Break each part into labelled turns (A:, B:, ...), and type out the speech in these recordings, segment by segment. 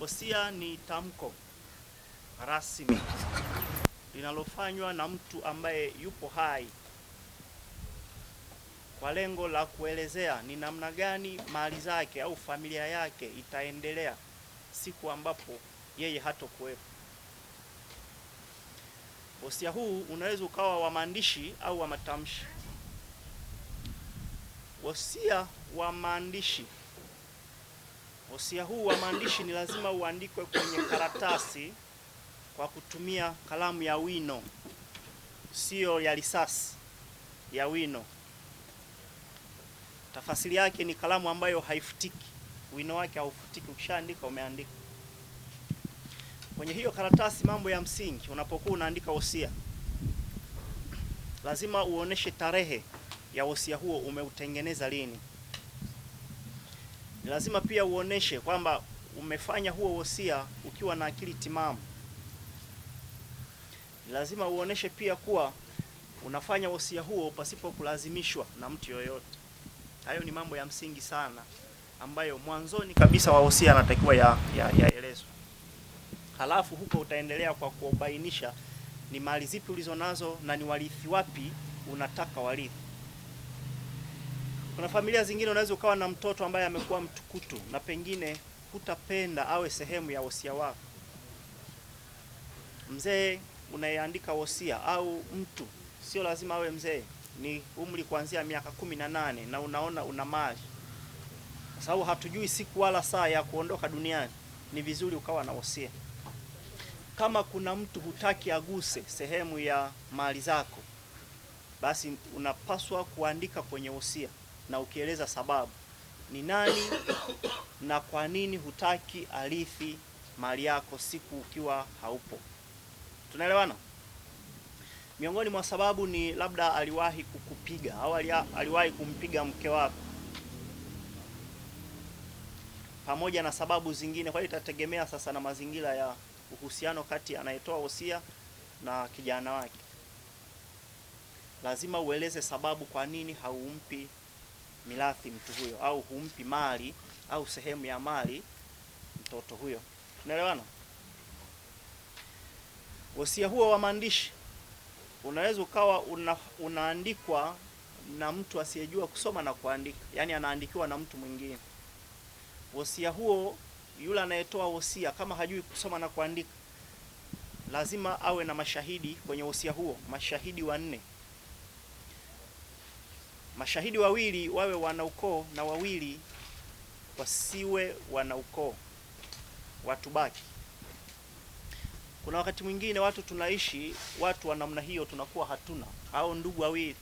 A: Wasia ni tamko rasmi linalofanywa na mtu ambaye yupo hai kwa lengo la kuelezea ni namna gani mali zake au familia yake itaendelea siku ambapo yeye hatokuwepo. Wosia huu unaweza ukawa wa maandishi au wa matamshi. Wosia wa maandishi Wosia huu wa maandishi ni lazima uandikwe kwenye karatasi kwa kutumia kalamu ya wino, sio ya risasi, ya wino. Tafasiri yake ni kalamu ambayo haifutiki, wino wake haufutiki. Ukishaandika umeandika kwenye hiyo karatasi. Mambo ya msingi unapokuwa unaandika wosia, lazima uoneshe tarehe ya wosia huo, umeutengeneza lini ni lazima pia uoneshe kwamba umefanya huo wosia ukiwa na akili timamu. Ni lazima uoneshe pia kuwa unafanya wosia huo pasipo kulazimishwa na mtu yoyote. Hayo ni mambo ya msingi sana ambayo mwanzoni
B: kabisa wa wosia anatakiwa yaelezwe ya,
A: halafu huko utaendelea kwa kuubainisha ni mali zipi ulizo nazo na ni warithi wapi unataka warithi. Kuna familia zingine unaweza ukawa na mtoto ambaye amekuwa mtukutu na pengine hutapenda awe sehemu ya wosia wako. Mzee unayeandika wosia au mtu, sio lazima awe mzee, ni umri kuanzia miaka kumi na nane na unaona una mali, kwa sababu hatujui siku wala saa ya kuondoka duniani. Ni vizuri ukawa na wosia. Kama kuna mtu hutaki aguse sehemu ya mali zako, basi unapaswa kuandika kwenye wosia na ukieleza sababu ni nani na kwa nini hutaki arithi mali yako siku ukiwa haupo. Tunaelewana? Miongoni mwa sababu ni labda aliwahi kukupiga au aliwahi kumpiga mke wako, pamoja na sababu zingine. Kwa hiyo itategemea sasa na mazingira ya uhusiano kati anayetoa wosia na kijana wake. Lazima ueleze sababu kwa nini haumpi mirathi mtu huyo, au humpi mali au sehemu ya mali mtoto huyo. Tunaelewana? Wasia huo wa maandishi unaweza ukawa una, unaandikwa na mtu asiyejua kusoma na kuandika, yaani anaandikiwa na mtu mwingine. Wasia huo, yule anayetoa wasia kama hajui kusoma na kuandika, lazima awe na mashahidi kwenye wasia huo, mashahidi wanne mashahidi wawili wawe wanaukoo na wawili wasiwe wanaukoo, watu baki. Kuna wakati mwingine watu tunaishi watu wa namna hiyo, tunakuwa hatuna au ndugu wawili,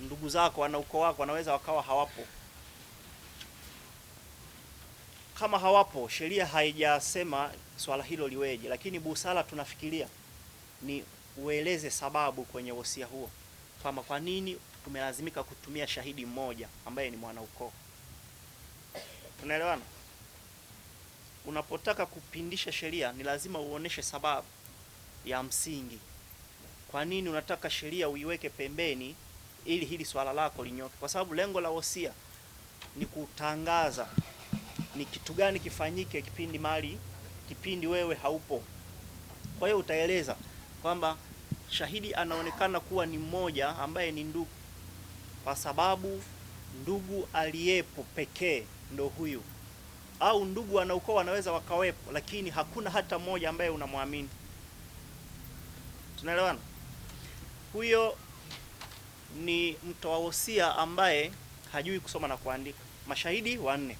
A: ndugu zako wanaukoo wako wanaweza wakawa hawapo. Kama hawapo, sheria haijasema swala hilo liweje, lakini busara tunafikiria ni ueleze sababu kwenye wosia huo kwamba kwa nini tumelazimika kutumia shahidi mmoja ambaye ni mwanaukoo. Unaelewana? Unapotaka kupindisha sheria ni lazima uoneshe sababu ya msingi, kwa nini unataka sheria uiweke pembeni ili hili swala lako linyoke, kwa sababu lengo la wosia ni kutangaza ni kitu gani kifanyike kipindi mali, kipindi wewe haupo. Kwa hiyo utaeleza kwamba shahidi anaonekana kuwa ni mmoja ambaye ni ndugu, kwa sababu ndugu aliyepo pekee ndo huyu, au ndugu wanaukoo wanaweza wakawepo, lakini hakuna hata mmoja ambaye unamwamini. Tunaelewana? Huyo ni mtoa wosia ambaye hajui kusoma na kuandika. Mashahidi wanne.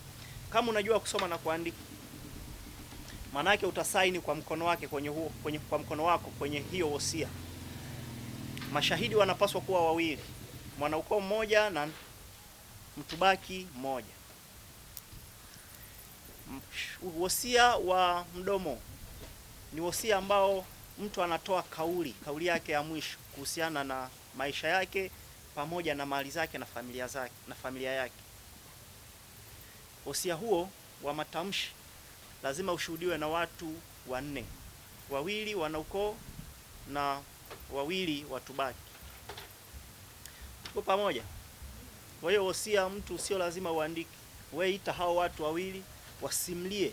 A: Kama unajua kusoma na kuandika, maanake utasaini kwa mkono wake kwenye huo, kwenye, kwa mkono wako kwenye hiyo wosia. Mashahidi wanapaswa kuwa wawili, mwanaukoo mmoja na mtubaki mmoja. Wosia wa mdomo ni wosia ambao mtu anatoa kauli, kauli yake ya mwisho kuhusiana na maisha yake pamoja na mali zake na familia zake na familia yake. Wosia huo wa matamshi lazima ushuhudiwe na watu wanne, wawili wanaukoo na wawili watubaki. Tuko pamoja? Kwa hiyo wosia mtu sio lazima uandike. Wewe ita hao watu wawili wasimlie,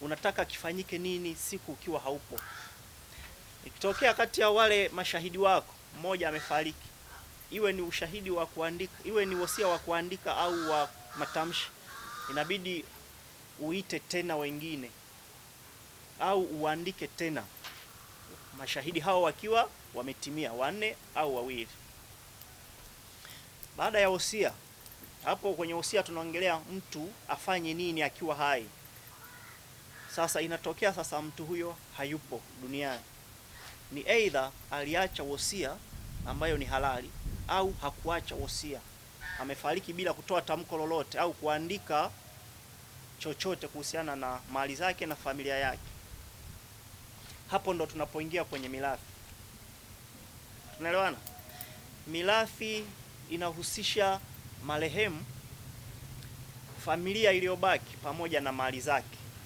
A: unataka kifanyike nini siku ukiwa haupo. Ikitokea kati ya wale mashahidi wako mmoja amefariki, iwe ni ushahidi wa kuandika, iwe ni wosia wa kuandika au wa matamshi, inabidi uite tena wengine au uandike tena mashahidi hao wakiwa wametimia wanne au wawili. Baada ya wosia, hapo kwenye wosia tunaongelea mtu afanye nini akiwa hai. Sasa inatokea sasa mtu huyo hayupo duniani, ni aidha aliacha wosia ambayo ni halali au hakuacha wosia, amefariki bila kutoa tamko lolote au kuandika chochote kuhusiana na mali zake na familia yake hapo ndo tunapoingia kwenye mirathi. Tunaelewana? Mirathi inahusisha marehemu, familia iliyobaki pamoja na mali zake.